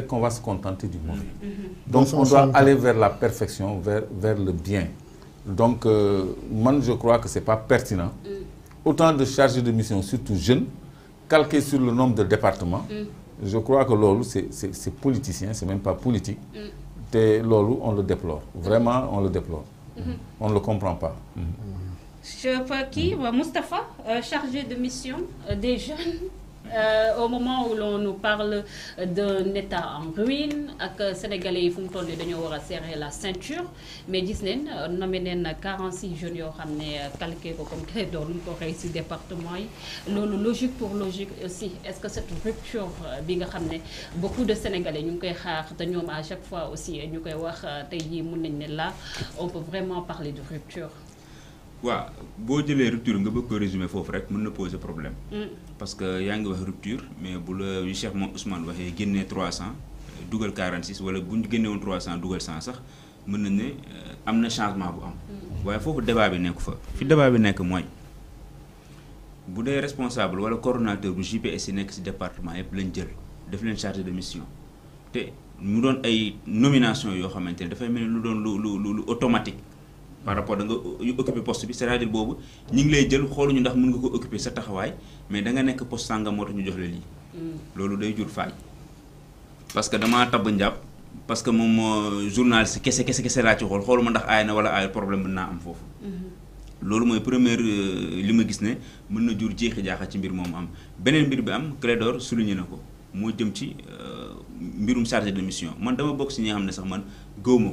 qu'on va se contenter du mauvais. Mm-hmm. Mm-hmm. Donc on doit aller vers la perfection, vers, vers le bien. Donc euh, moi je crois que ce n'est pas pertinent. Mm. Autant de chargés de mission, surtout jeunes, calqués sur le nombre de départements, mm. je crois que l'OLU c'est politicien, c'est même pas politique. Mm. Et on le déplore. Vraiment on le déplore. Mm-hmm. On ne le comprend pas. Je qui Moustapha, euh, chargé de mission euh, des jeunes euh, au moment où l'on nous parle d'un état en ruine ak sénégalais yi fu que toll nii serrer la ceinture mais gis euh, nous 46 jeunes yo xamné euh, calqué ko comme que lu ko xey département logique pour logique aussi est-ce que cette rupture bi nga xamné beaucoup de sénégalais ñu ngi koy xaar à chaque fois aussi ñu koy wax tay ji mun nañ là on peut vraiment parler de rupture vous bo une rupture nga bëgg ko résumer foofu rek mën na poser problème. Mm. parce que yaa ngi wax rupture mais bu le yu Cheikh Ousmane waxee gagné 300 euh, dugal 46 wala bu ñu 300 dugal 100 sax mën na ne euh, am na changement bu am. Mm. waaye foofu débat bi nekk fa. fi débat bi nekk mooy bu dee responsable wala coordonnateur bu GPS yi nekk département yëpp lañ jël def leen chargé de mission te mu doon ay nomination yoo xamante ne dafay mel lu lu lu lu automatique. par rapport da nga occupé poste bi c'est-à-dire boobu ñu ngi lay jël xooluñu ndax mun nga ko occupé sa taxawaay mais danga nekk poste sàngam moo tax ñu jox la lii. Mm. loolu day jur faay. parce que damaa tabb njàpp parce que moom journaliste si kese kese laa ci xool xooluma ndax aay na wala aay problème mën naa am foofu. Mm-hmm. loolu mooy première euh, li ma gis ne mën na jur jeexi jaaxal ci mbir moom am beneen mbir bi am Clédor souligné na ko moo jëm ci euh, mbirum chargé de mission man dama bokk si ñi nga ne sax man gëwuma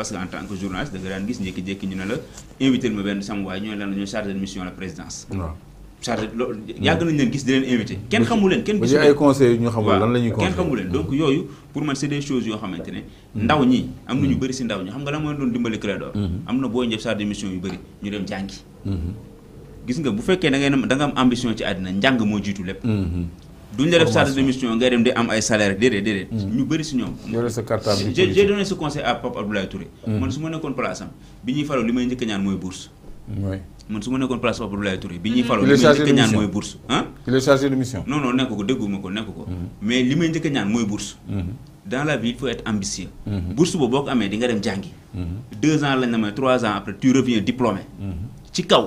parce que en tant que journaliste da daan gis njëkki-jékki ñu ne la invité ma benn sama waay ñooy lan la ñooy de mission la présidence. yàgg nañu leen gis di leen invité. kenn xamu kenn gisu xamul lan la ñuy conseil kenn xamu leen donc yooyu pour man c'est des choses yoo xamante ne. Mm-hmm. ndaw ñi am na ñu mm-hmm. bëri si ndaw ñi xam nga lan doon dimbali Clédor. Mm-hmm. am na booy njëf chargé de mission yu bëri ñu dem jàngi. gis nga bu fekkee da ngay da nga am ambition ci àddina njàng moo jiitu lépp duñ la def charge de mission nga dem di am ay salaire déedéet déedéet. Mm. ñu bari si ñoom. yore j'ai donné ce conseil à Pape Abdoulaye Touré. Mm. man suma ma nekkoon place am bi ñuy faral li may njëkk ñaan mooy bourse. man suma ma nekkoon place Pape Abdoulaye Touré bi ñuy mm. faral li may njëkk ñaan mooy bourse. ah il est chargé de mission. non non nekk ko dégguma ko nekk ko. mais li may njëkk ñaan mooy bourse. dans la vie il faut être ambitieux. bourse boobu boo ko amee di nga dem jàngi. deux ans lañ la may trois ans après tu reviens diplômé. ci kaw.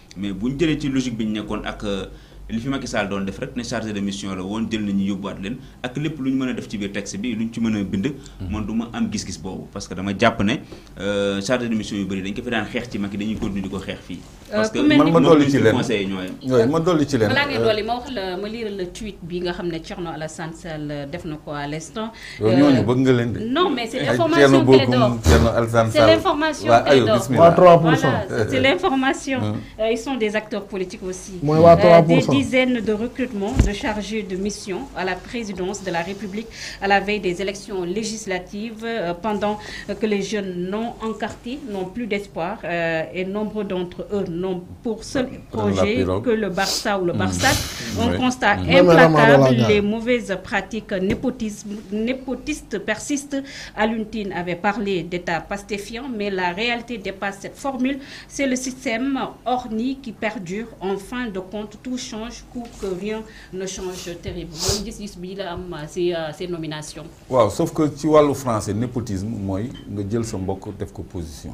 mais bu ñu jëlee ci logique bi ñu nekkoon ak euh, li fi Macky doon def rek ne chargé de mission la woon jël nañu yóbbuwaat leen ak lépp lu ñu mën a def ci biir texte bi lu ñu ci mën a bind. Mm-hmm. man du ma am gis-gis boobu parce que dama jàpp ne euh, chargé de mission yu bëri dañ ko fi daan xeex ci Macky dañu continuer di ko xeex fii. Euh, Parce que ni man ma le ci leen yooyu ma dolli ci leen. balaa ngay euh, dolli ma wax la ma lire le tweet bi nga xam fait euh, def à non mais c'est l'information C'est l'information. C'est l'information est ils sont des acteurs politiques aussi. des dizaines de recrutements de chargés de mission à la présidence de la République à la veille des élections législatives pendant que les jeunes non encartés n'ont plus d'espoir et nombre d'entre eux. Non, pour seul projet que le Barça ou le hmm. Barça. On constate hmm. implacable les mauvaises pratiques népotistes persistent. Aluntine avait parlé d'état pastéfiant, mais la réalité dépasse cette formule. C'est le système orni qui perdure. En fin de compte, tout change pour que rien ne change terrible. ces euh, nominations. sauf que vois le français népotisme moi, je dis sa mbokk def position.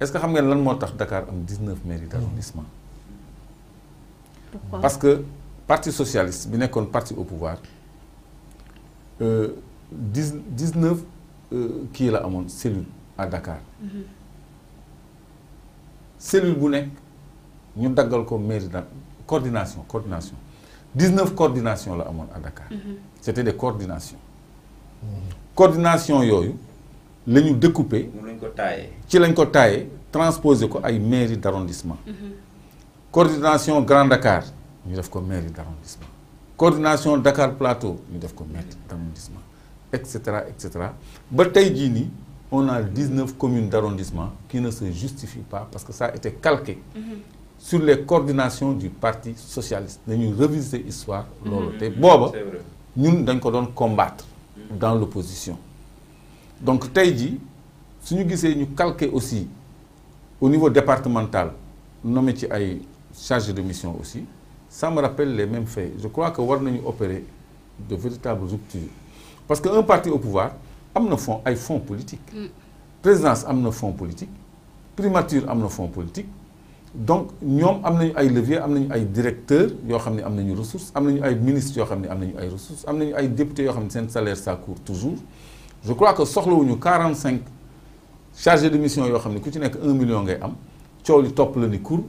est-ce que vous savez pourquoi Dakar en 19 mairies d'arrondissement parce que le parti socialiste bi un parti au pouvoir 19 qui qui la mon cellule à Dakar mhm. cellule bu là ñu daggal ko mairie d'arrondissement coordination coordination 19 coordinations à Dakar mhm. c'était des coordinations coordination yoyou, nous ñu découper ci lañ ko transposés transposer ko mairie d'arrondissement. Mhm. coordination Grand Dakar nous def ko mairie d'arrondissement. coordination Dakar Plateau nous def ko mairie d'arrondissement Etc, etc. on a 19 communes d'arrondissement qui ne se justifient pas parce que ça a été calqué mhm. sur les coordinations du parti socialiste Nous avons histoire l'histoire. Nous, nous ñun combattre mhm. dans l'opposition donc Taïdi, si nous ñu calquer aussi au niveau départemental nommé ci ay chargé de mission aussi ça me rappelle les mêmes faits je crois que nous avons opérer de véritables ruptures parce qu'un parti au pouvoir a un fond ay fonds politique mm. présidence a un fonds politique primature a un fonds politique donc nous avons des leviers des directeurs qui ont ressources ministres des ressources des députés salaire ça court toujours je crois que soxlawuñu 45 chargés de mission yoo xam ku ci 1 million ngay am coow li top la ni cour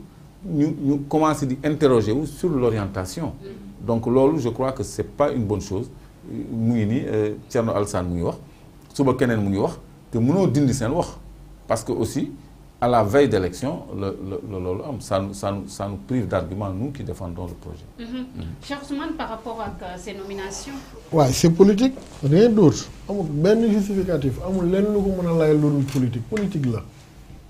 ñu ñu commencé di interroger sur l'orientation donc loolu je crois que c'est pas une bonne chose mu ngi nii euh, Thierno Alassane mu ngi wax suba keneen mu wax te mënoo dindi seen wax parce que aussi à la veille d'élection, le, ça, nous prive d'arguments, nous qui défendons le projet. Mm -hmm. par rapport à euh, ces nominations Oui, c'est politique, rien d'autre. Il n'y a pas justificatif, il n'y a pas de politique. politique là.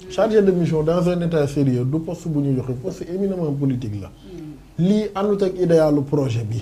Chargé de mission dans un état sérieux, se poste que nous éminemment politique là. Mm. Li anut ak idéal projet bi.